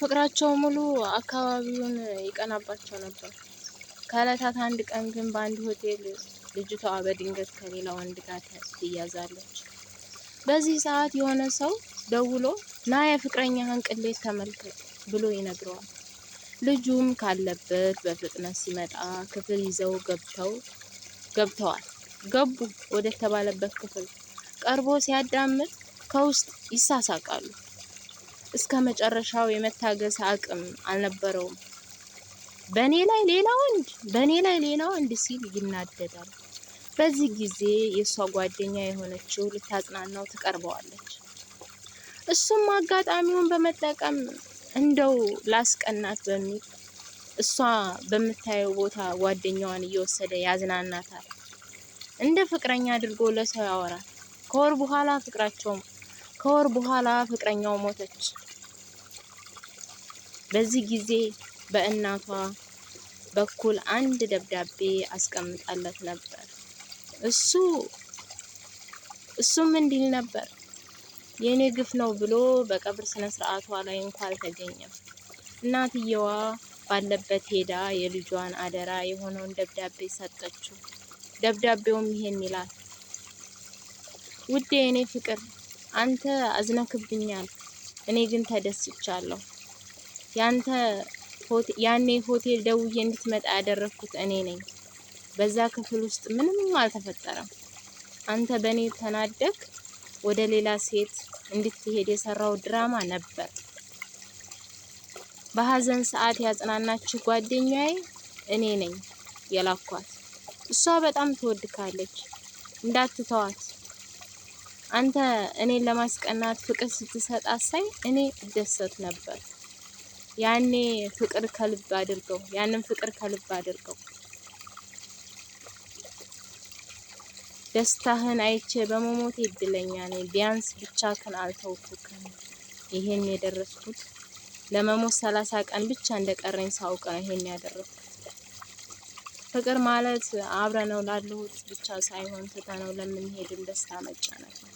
ፍቅራቸው ሙሉ አካባቢውን ይቀናባቸው ነበር። ከእለታት አንድ ቀን ግን በአንድ ሆቴል ልጅቷ በድንገት ከሌላ ወንድ ጋር ትያዛለች። በዚህ ሰዓት የሆነ ሰው ደውሎ ና የፍቅረኛህን ቅሌት ተመልከት ብሎ ይነግረዋል። ልጁም ካለበት በፍጥነት ሲመጣ ክፍል ይዘው ገብተው ገብተዋል ገቡ ወደ ተባለበት ክፍል ቀርቦ ሲያዳምጥ ከውስጥ ይሳሳቃሉ። እስከ መጨረሻው የመታገስ አቅም አልነበረውም። በእኔ ላይ ሌላ ወንድ በእኔ ላይ ሌላ ወንድ ሲል ይናደዳል። በዚህ ጊዜ የእሷ ጓደኛ የሆነችው ልታጽናናው ትቀርበዋለች። እሱም አጋጣሚውን በመጠቀም እንደው ላስቀናት በሚል እሷ በምታየው ቦታ ጓደኛዋን እየወሰደ ያዝናናታል። እንደ ፍቅረኛ አድርጎ ለሰው ያወራል። ከወር በኋላ ፍቅራቸውም ከወር በኋላ ፍቅረኛው ሞተች። በዚህ ጊዜ በእናቷ በኩል አንድ ደብዳቤ አስቀምጣለት ነበር። እሱ እሱም እንዲል ነበር የእኔ ግፍ ነው ብሎ በቀብር ስነ ስርዓቷ ላይ እንኳ አልተገኘም። እናትየዋ ባለበት ሄዳ የልጇን አደራ የሆነውን ደብዳቤ ሰጠችው። ደብዳቤውም ይሄን ይላል። ውዴ የእኔ ፍቅር አንተ አዝነክብኛል፣ እኔ ግን ተደስቻለሁ። ያንተ ያኔ ሆቴል ደውዬ እንድትመጣ ያደረግኩት እኔ ነኝ። በዛ ክፍል ውስጥ ምንም አልተፈጠረም። አንተ በእኔ ተናደክ ወደ ሌላ ሴት እንድትሄድ የሰራው ድራማ ነበር። በሀዘን ሰዓት ያጽናናችሁ ጓደኛዬ እኔ ነኝ የላኳት። እሷ በጣም ትወድካለች፣ እንዳትተዋት አንተ እኔን ለማስቀናት ፍቅር ስትሰጥ አሳይ እኔ እደሰት ነበር። ያኔ ፍቅር ከልብ አድርገው ያንን ፍቅር ከልብ አድርገው ደስታህን አይቼ በመሞት ይድለኛ ነኝ። ቢያንስ ብቻህን አልተውኩህም። ይሄን የደረስኩት ለመሞት ሰላሳ ቀን ብቻ እንደቀረኝ ሳውቅ ነው ይሄን ያደረኩት። ፍቅር ማለት አብረነው ላለሁት ብቻ ሳይሆን ትተነው ለምንሄድም ደስታ መጫነት ነው።